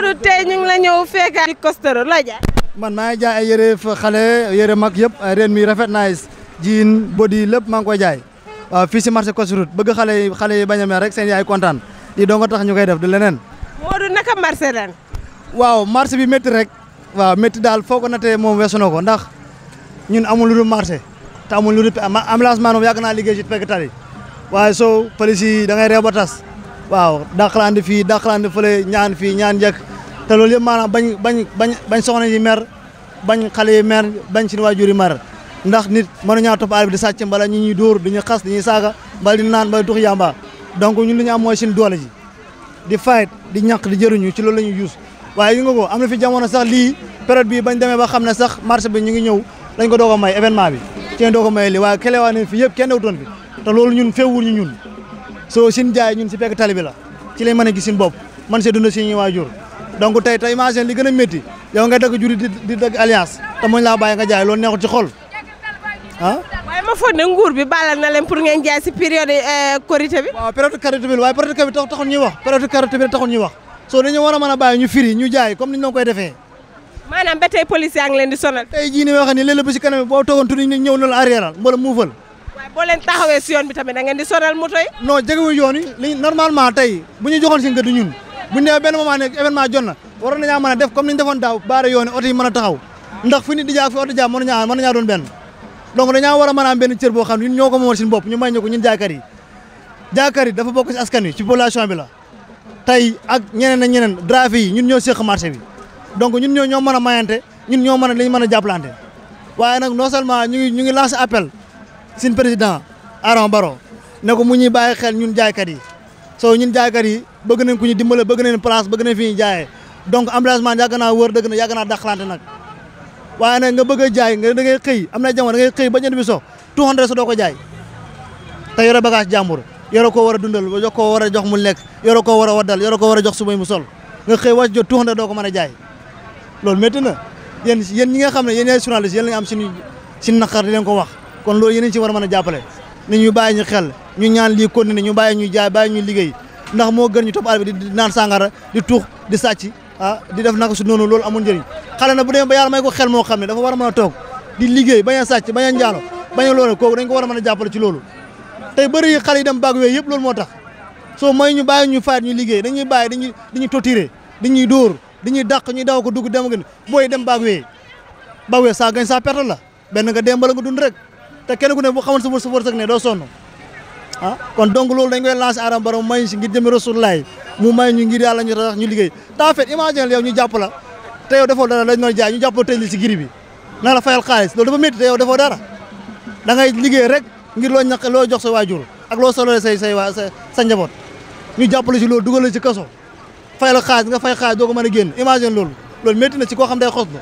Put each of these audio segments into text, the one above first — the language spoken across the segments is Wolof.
Modou tey ñu ngi la ñëw fekkaat ci Costero looy jaay. man maa ngi jaay ay yére fa xale yére mag yëpp ay reen mi rafet naa jiin body lépp maa ngi koy jaay waaw fii si marché Costero bëgg xale yi xale yi bañ a mer rek seen yaay kontaan lii doo tax ñu koy def du leneen. Modou naka marché ren. waaw marché bi métti rek. waaw métti daal foo ko natee moom weesu na ko ndax ñun amul lu dul marché te amul lu dul ambulance maanaam yàgg naa liggéey ci pegg tali waaye soo police yi da ngay waaw dàqalaandi fii dàqalaandi fële ñaan fii te loolu yëpp maanaam bañ bañ bañ bañ soxna yi mer bañ xalé yi mer bañ ci wajuri mar ndax nit mënu ñaa top arbitre bi di sàcc mbala ñi ñi door di xass xas di mbal di naan mbala dux yamba donc ñun li ñu am moy seen doole ji di fight di ñak di jëruñu ci loolu lañu ñuy waye waaye yi nga ko amna fi jamono sax li période bi bañ démé ba xam sax marché bi ñu ngi ñëw dañ ko dogo may événement bi ci lañ may li waye kélé waa fi yépp kenn dewutoon fi té lolou ñun féwul ñun so seen jaay ñun ci pekk talibi la ci lay mëna gi seen bop man sé dund seen wajur donc tay tay imagine li gëna a yow nga dëkk juri di dëkk alliance te moñ la baye nga jaay lo neexul ci xol han waaye ma foog ne nguur bi balal na leen pour ngeen jaay ci période corité euh, bi wa période corité bi waaye période korité bi taxul ñuy wax période corité bi taxul ñuy wax so dañu wara a baye a ñu firi ñu jaay comme niñ la koy defee maanaam ba tey police ya ngi leen di sonal tay ji ni waxee ni léeg-léeg ba si kanam boo toogoon tuuti ñu ñëw arrière arrièreal mbala muufal waaye leen taxawé ci yoon bi tamé da ngeen di sonal moto yi non jegewuñ yoon yi normalement tay bu ñu joxon ci ngeud ñun bu ben benn moment nek événement jot na war nañu def comme ni ñu defoon daaw baare yoon oto yi mën a taxaw ndax fi nit di jaar fi oto jaar mën nañu mën nañu doon benn donc dañu war a mën a am benn cër boo xam ne ñoo ko moomal suñu bopp ñu may ñu ko ñun jaakar yi jaakar yi dafa bokk ci askan wi ci population bi la tey ak ñeneen ak ñeneen yi ñun ñoo marché bi donc ñun ñoo ñoo mayante ñun ñoo non seulement ñu ngi ñu ngi lancer appel suñu président Aron Baro ne mu ñuy bàyyi xel ñun jaaykat yi ñun yi bëgg nañ ku ñu dimbale bëgg nañ place bëgg nañ fi ñu jaayee donc emballagement yàgg naa wër dëgg na yàgg naa daxalante nag waaye nag nga bëgg a jaay nga da ngay xëy am na jamono da xëy ba jënd bi so tout hundred so doo ko jaay te yore bagage jàmbur yore koo war a dundal jox koo war a jox mu lekk yore ko war a waddal yore ko war a jox sumay mu sol nga xëy wàcc jot tout hundred doo ko mën a jaay loolu métti na yéen yéen ñi nga xam ne yéen ay journaliste yéen lañ am suñu suñu naqar di leen ko wax kon loolu yéen ci war a mën a jàppale ni ñu ba ñu xel ñu ñaan lii continuer ñu bàyyi ñu jaay bàyyi ñu liggéey ndax moo gën ñu topp àll di naan sàngara di tuux di sacc ah di def naka su noonu loolu amul njëriñ xale na bu demee ba yàlla may ko xel moo xam ne dafa war a mën toog di liggéey bañ a sàcc a njaalo bañ a loolu kooku dañ ko war a mën a jàppale ci loolu tey bëri xale yi dem baag yooyu yëpp loolu moo tax soo mooy ñu bàyyi ñu faat ñu liggéey dañuy bàyyi dañuy dañuy totiré dañuy dóor dañuy dàq ñuy daw ko dugg dem gën booy dem baag wee baag wee saa gañ saa perte la benn nga dem bala nga dund rek te kenn ku ne bu xamoon sa wërsëg ne doo sonn ah kon donc loolu dañ koy lancer Adama Barrow may si ngir jëmi Rasulullaay mu may ñu ngir yàlla ñu tax ñu liggéey en fait imagine yow ñu la te yow defoo dara dañ doon jaay ñu jàpp la tëj na la fayal xaalis loolu da ngay liggéey rek ngir loo ñaq loo jox sa waajur ak loo solole say say waa sa njaboot ñu jàppale si loolu dugal la ci kaso fayal xaalis nga fay xaalis doo ko génn imagine loolu loolu métti na ci koo xam day xos la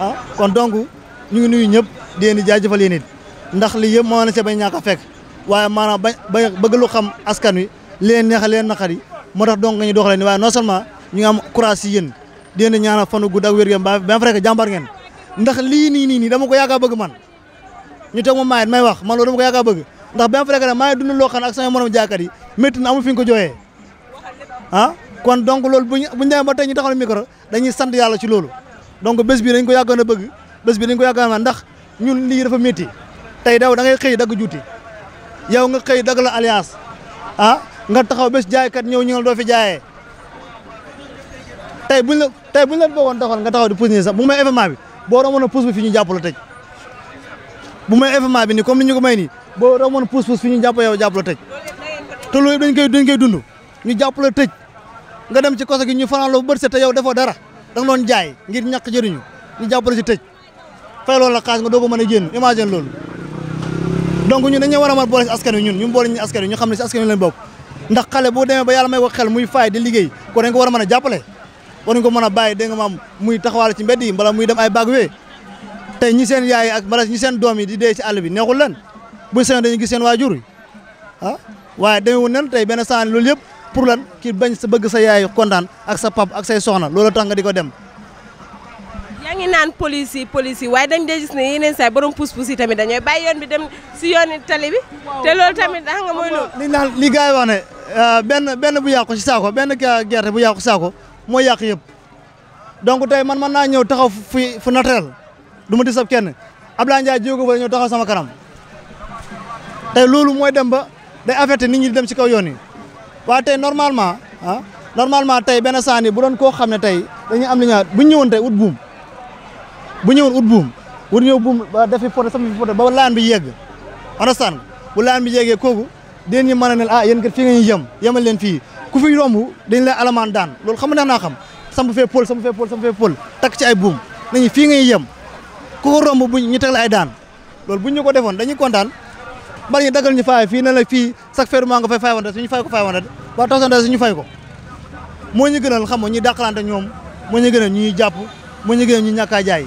ah kon donc ñu ngi nuyu ñëpp di leen di jaajëfal yéen ndax li yëpp moo na see bañ ñàkk a fekk waye manam ba bëgg lu xam askan wi leen neex leen naqari mo tax donc ñu doxale ni waye non seulement ñu am courage si yéen di leen ñaanal fanu gudd ak wér ba ba fekk jambar ngeen ndax li ni ni nii dama ko yaaka bëgg man ñu teg ma maayet may wax man lo dama ko yaaka bëgg ndax ba fekk ne maa ngi dund lo xam ak sama morom jaakar yi metti na amu fi ko joyé han ah, kon donc lool buñ buñ ba tay ñu taxal micro dañuy sant yalla ci lool donc bës bi dañ ko yaaka na bëgg bës bi dañ ko yaaka na ndax ñun li dafa metti tay daw da ngay xey dag juuti yow nga xëy dagal alliance ah nga taxaw bés jaaykat ñëw ñu nga doo fi jaay tay buñ la tey buñ la bëggoon doxal nga taxaw di pousser nii sax bu may événement bi bo romoon a pousse bi fi ñu jappal tej bu may événement bi ni comme ñu ko may ni bo romoon pousse pousse fi ñu japp yow jappal tej to te dañ koy dañ koy dund ñu jappal tej nga dem ci koso gi ñu fanaan loo bët te yow defoo dara da nga doon jaay ngir ñak jëriñu ñu jappal ci tej fay loolu la xaas nga do ko mëna a imagine loolu donc ñu dañu wara a bolé askan ñun ñu bolé ñu askan ñu xam askan lañ bok ndax xalé boo démé ba yalla may wax xel muy fay di liggéey ko dañ ko wara mëna jappalé war ñu ko mën a bàyyi maam muy taxawal ci mbéddi mbala muy dem ay baag wee tey ñi seen yaay ak mbala ñi seen doom yi di dé ci àll bi neexul lan bu seen dañu gis seen wajur ha ah, waye waaye demeewul nen tey benn saan lool yépp pour lan ki bañ sa bëgg sa yaay kontaan ak sa pap ak say soxna loolu tax nga di dem nan polisi polisi way dañ dee gis ne yeneen say borom pousse-pousse yi tamit dañoy bay yoon bi dem ci yoon tali bi te loolu tamit da nga moy loolu li naan li gars wax ne euh, ben ben bu yàqu ci sako ben gerte bu yàqu sako mo yàq yëpp donc tay man man na ñëw taxaw fi fu naturel duma ma di sab kenn Abdoulaye ndia jogu ba ñëw taxaw sama karam tay loolu moy dem ba day affecté nit ñi dem ci kaw yoon yi wa tay normalement ha ah, normalement tay ben saani bu doon ko xam tay dañu am li ñu bu ñëwoon tay ut buum bu ñëwoon ut buum wut ñëw buum dafi poté sax fi poté ba laan bi yegg understand bu laan bi yeggee kooku den ñu mën a ah yéen kat fii nga ñu yem yemal leen fii ku fi romb dañ la alamaan daan loolu xam naa naa xam samp fee pôl samp fee pôl samp fee pôl takk ci ay buum nañu fii nga yem ku ko romb bu ñu teg la ay daan loolu bu ñu ko defoon dañuy kontaan bari ñu dagal ñu faay fii ne la fii chaque feeru maa nga fay faay wante suñu fay ko faay wante waa taxsante fay ko moo ñu gënal xam nga ñuy dàqalante ñoom moo ñu gënal ñuy jàpp moo ñu gënal ñu ñàkkaa jaay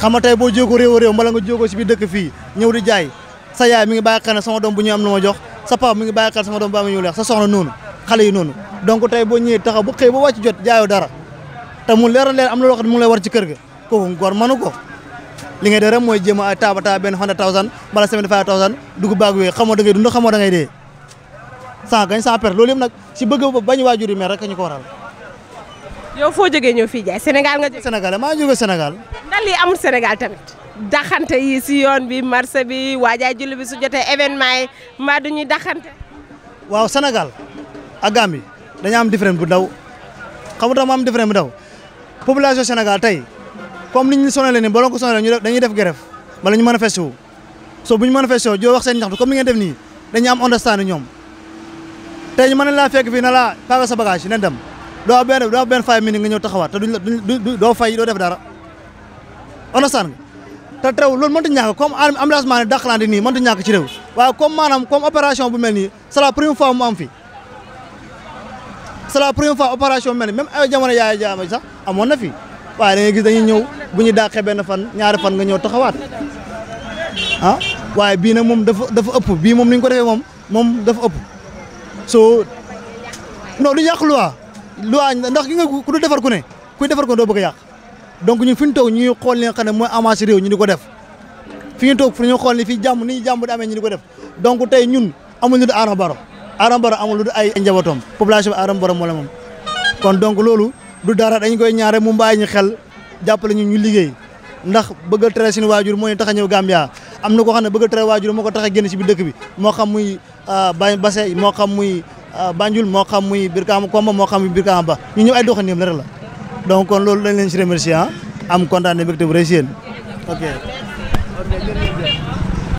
xama tay bo jogo rew rew mbala nga jogo jai, saya dekk fi ñew di jaay sa yaay mi ngi sama dom bu ñu am lu jox sa papa mi ngi bàyyi sama dom ba am ñu leex sa soxna non xale yi non donc tay bo ñëwee taxaw bu xey bu wacc jot jaayoo dara ta mu leeral leer am na loo mu lay war ci kër ga ko ngor mënu ko li ngay dara moy jema ay tabata ben 100000 mbala 75000 thousand baag xamoo da ngay dund xamoo da ngay dé sa gañ sa per lolim nak ci bëgg ba bañ wajuri mer rek ñu ko waral yow fo jëgé ñëw fi jaay Sénégal nga jógee Sénégal ma jëgé Sénégal ndax li amul Senegal tamit daxante yi ci yoon bi marché bi waajaay julli bi su jotté événement yi mbaa du daxante. waaw senegal ak Gambie am différent bu ndaw xam nga am différent bu ndaw population senegal tay comme niñu ñu sonalee bolon ko ñu dañuy def grève wala ñu so buñu ñu jo wax seen ñaxtu comme ni ngeen def ni dañu am understand ñom tay ñu mané la fekk fi na laa paaka sa bagage nen dem do ben do ben 5 minutes nga taxawat te do fay do def dara. understand nga te teew loolu mënut a ñàkk comme emplacement ne dàqalaante nii mënut a ñàkk ci réew waaye comme maanaam comme opération bu mel nii c'est la première fois mu am fi c'est la première fois opération mel ni même ay jamono yaay jaama sax amoon na fi waaye da ngay dañuy ñëw bu ñu dàqee benn fan ñaari fan nga ñëw taxawaat ah waaye bii nag moom dafa dafa ëpp bii moom ni ko defee moom moom dafa ëpp soo non du yàq loi loi ndax ki nga ku du defar ku ne kuy defar ko doo bëgg a yàq donc ñu fiñ tok toog ñuy xool li nga moy amass rew ñu diko def fiñ tok fiñ xol li fi jamm ni jamm da amé ñu diko def donc tay ñun amul lu aram baro aram baro Barrow amul lu ay njabootam population aram baro mo la mom kon donc lolu du dara dañ koy ñaare mu mbaay ñu xel jàppale ñu ñu liggéey ndax bëgg a sin wajur moy taxa ñew Gambia amna ko koo bëgg a wajur moko taxa ko ci bi dëkk bi mo xam muy euh, ba Basse xam muy euh, Banjul mo xam muy birkam ko mo xam muy birkam Ba ñu ñu ay doxandéem la rek donc kon loolu dañ leen si remercier ah, am kontaan ne mbégte bu rëy